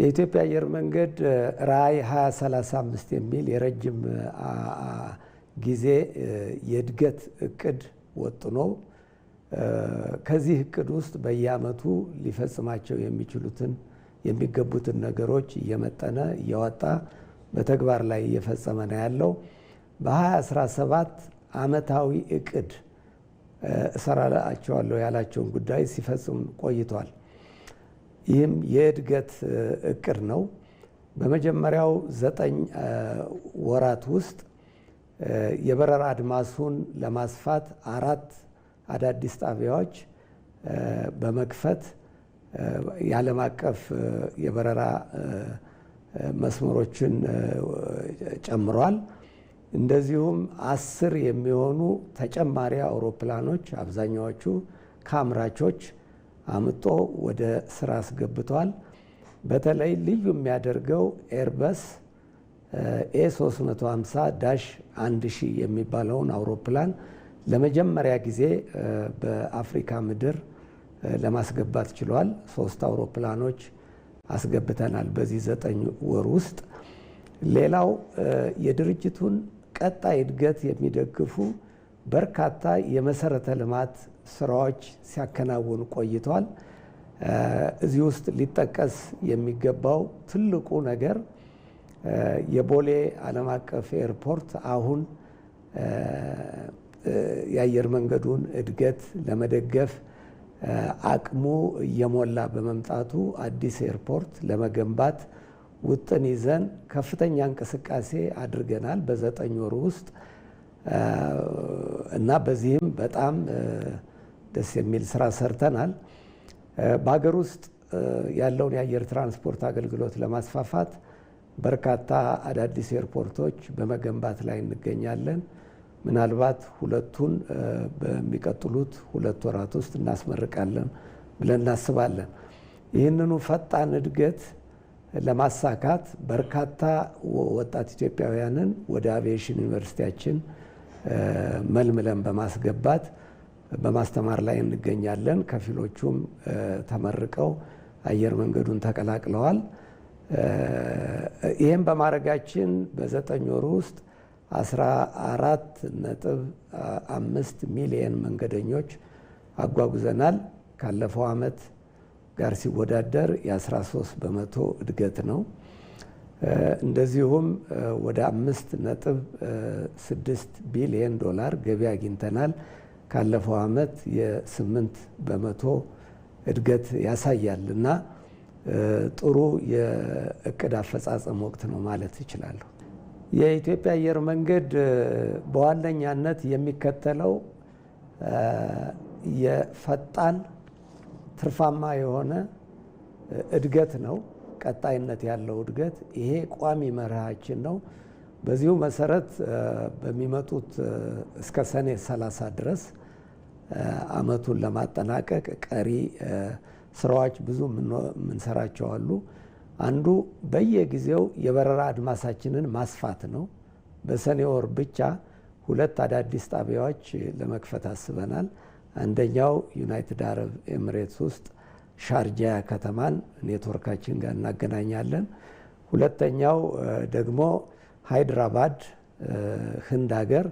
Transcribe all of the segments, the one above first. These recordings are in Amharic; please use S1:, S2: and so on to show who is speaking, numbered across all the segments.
S1: የኢትዮጵያ አየር መንገድ ራዕይ 2035 የሚል የረጅም ጊዜ የእድገት እቅድ ወጥኖ ከዚህ እቅድ ውስጥ በየዓመቱ ሊፈጽማቸው የሚችሉትን የሚገቡትን ነገሮች እየመጠነ እያወጣ በተግባር ላይ እየፈጸመ ነው ያለው። በ2017 ዓመታዊ እቅድ እሰራላቸዋለሁ ያላቸውን ጉዳይ ሲፈጽም ቆይቷል። ይህም የእድገት እቅድ ነው። በመጀመሪያው ዘጠኝ ወራት ውስጥ የበረራ አድማሱን ለማስፋት አራት አዳዲስ ጣቢያዎች በመክፈት የዓለም አቀፍ የበረራ መስመሮችን ጨምሯል። እንደዚሁም አስር የሚሆኑ ተጨማሪ አውሮፕላኖች አብዛኛዎቹ ከአምራቾች አምጦ ወደ ስራ አስገብቷል። በተለይ ልዩ የሚያደርገው ኤርበስ ኤ 350 ዳሽ 1000 የሚባለውን አውሮፕላን ለመጀመሪያ ጊዜ በአፍሪካ ምድር ለማስገባት ችሏል። ሶስት አውሮፕላኖች አስገብተናል በዚህ ዘጠኝ ወር ውስጥ። ሌላው የድርጅቱን ቀጣይ እድገት የሚደግፉ በርካታ የመሰረተ ልማት ስራዎች ሲያከናውን ቆይቷል። እዚህ ውስጥ ሊጠቀስ የሚገባው ትልቁ ነገር የቦሌ ዓለም አቀፍ ኤርፖርት አሁን የአየር መንገዱን እድገት ለመደገፍ አቅሙ እየሞላ በመምጣቱ አዲስ ኤርፖርት ለመገንባት ውጥን ይዘን ከፍተኛ እንቅስቃሴ አድርገናል። በዘጠኝ ወሩ ውስጥ እና በዚህም በጣም ደስ የሚል ስራ ሰርተናል። በሀገር ውስጥ ያለውን የአየር ትራንስፖርት አገልግሎት ለማስፋፋት በርካታ አዳዲስ ኤርፖርቶች በመገንባት ላይ እንገኛለን። ምናልባት ሁለቱን በሚቀጥሉት ሁለት ወራት ውስጥ እናስመርቃለን ብለን እናስባለን። ይህንኑ ፈጣን እድገት ለማሳካት በርካታ ወጣት ኢትዮጵያውያንን ወደ አቪዬሽን ዩኒቨርሲቲያችን መልምለን በማስገባት በማስተማር ላይ እንገኛለን። ከፊሎቹም ተመርቀው አየር መንገዱን ተቀላቅለዋል። ይህም በማድረጋችን በዘጠኝ ወር ውስጥ አስራ አራት ነጥብ አምስት ሚሊየን መንገደኞች አጓጉዘናል። ካለፈው ዓመት ጋር ሲወዳደር የ13 በመቶ እድገት ነው። እንደዚሁም ወደ አምስት ነጥብ ስድስት ቢሊየን ዶላር ገቢ አግኝተናል። ካለፈው ዓመት የስምንት በመቶ እድገት ያሳያል እና ጥሩ የእቅድ አፈጻጸም ወቅት ነው ማለት እችላለሁ። የኢትዮጵያ አየር መንገድ በዋነኛነት የሚከተለው የፈጣን ትርፋማ የሆነ እድገት ነው። ቀጣይነት ያለው እድገት ይሄ ቋሚ መርሃችን ነው። በዚሁ መሰረት በሚመጡት እስከ ሰኔ 30 ድረስ አመቱን ለማጠናቀቅ ቀሪ ስራዎች ብዙ የምንሰራቸው አሉ። አንዱ በየጊዜው የበረራ አድማሳችንን ማስፋት ነው። በሰኔ ወር ብቻ ሁለት አዳዲስ ጣቢያዎች ለመክፈት አስበናል። አንደኛው ዩናይትድ አረብ ኤምሬትስ ውስጥ ሻርጃ ከተማን ኔትወርካችን ጋር እናገናኛለን። ሁለተኛው ደግሞ ሃይድራባድ ህንድ ሀገር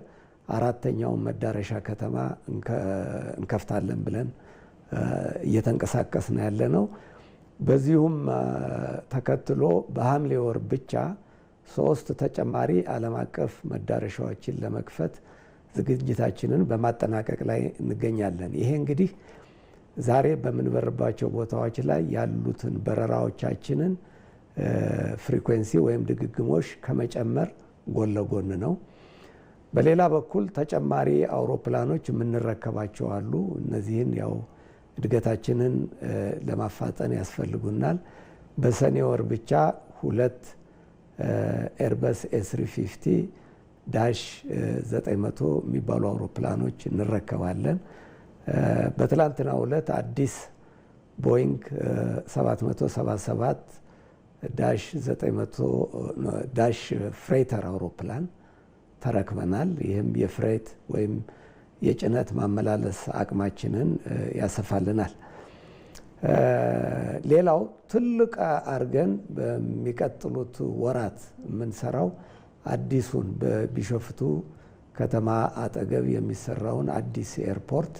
S1: አራተኛውን መዳረሻ ከተማ እንከፍታለን ብለን እየተንቀሳቀስን ያለ ነው። በዚሁም ተከትሎ በሐምሌ ወር ብቻ ሶስት ተጨማሪ ዓለም አቀፍ መዳረሻዎችን ለመክፈት ዝግጅታችንን በማጠናቀቅ ላይ እንገኛለን። ይሄ እንግዲህ ዛሬ በምንበርባቸው ቦታዎች ላይ ያሉትን በረራዎቻችንን ፍሪኩዌንሲ ወይም ድግግሞሽ ከመጨመር ጎን ለጎን ነው። በሌላ በኩል ተጨማሪ አውሮፕላኖች የምንረከባቸው አሉ። እነዚህን ያው እድገታችንን ለማፋጠን ያስፈልጉናል። በሰኔ ወር ብቻ ሁለት ኤርበስ ኤስሪ 350 ዳሽ 900 የሚባሉ አውሮፕላኖች እንረከባለን። በትላንትናው ዕለት አዲስ ቦይንግ 777 uh, ዳሽ 900 uh, ዳሽ ፍሬተር አውሮፕላን ተረክበናል። ይህም የፍሬት ወይም የጭነት ማመላለስ አቅማችንን uh, ያሰፋልናል። ሌላው ትልቅ አድርገን በሚቀጥሉት ወራት የምንሰራው አዲሱን በቢሾፍቱ ከተማ አጠገብ የሚሰራውን አዲስ ኤርፖርት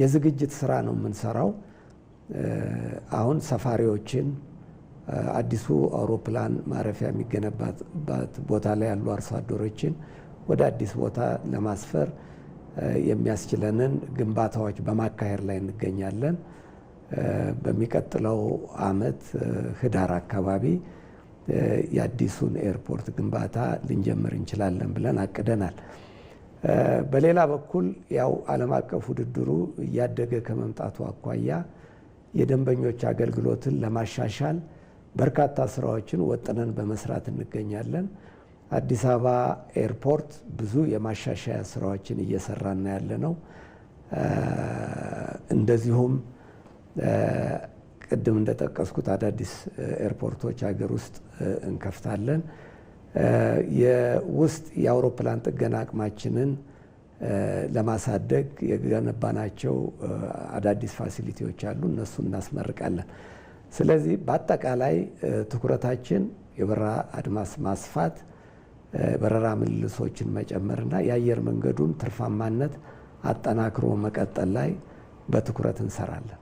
S1: የዝግጅት ስራ ነው የምንሰራው። አሁን ሰፋሪዎችን አዲሱ አውሮፕላን ማረፊያ የሚገነባበት ቦታ ላይ ያሉ አርሶ አደሮችን ወደ አዲስ ቦታ ለማስፈር የሚያስችለንን ግንባታዎች በማካሄድ ላይ እንገኛለን። በሚቀጥለው ዓመት ህዳር አካባቢ የአዲሱን ኤርፖርት ግንባታ ልንጀምር እንችላለን ብለን አቅደናል። በሌላ በኩል ያው ዓለም አቀፍ ውድድሩ እያደገ ከመምጣቱ አኳያ የደንበኞች አገልግሎትን ለማሻሻል በርካታ ስራዎችን ወጥነን በመስራት እንገኛለን። አዲስ አበባ ኤርፖርት ብዙ የማሻሻያ ስራዎችን እየሰራን ያለ ነው። እንደዚሁም ቅድም እንደጠቀስኩት አዳዲስ ኤርፖርቶች ሀገር ውስጥ እንከፍታለን። የውስጥ የአውሮፕላን ጥገና አቅማችንን ለማሳደግ የገነባናቸው አዳዲስ ፋሲሊቲዎች አሉ። እነሱን እናስመርቃለን። ስለዚህ በአጠቃላይ ትኩረታችን የበረራ አድማስ ማስፋት፣ በረራ ምልልሶችን መጨመርና የአየር መንገዱን ትርፋማነት አጠናክሮ መቀጠል ላይ በትኩረት እንሰራለን።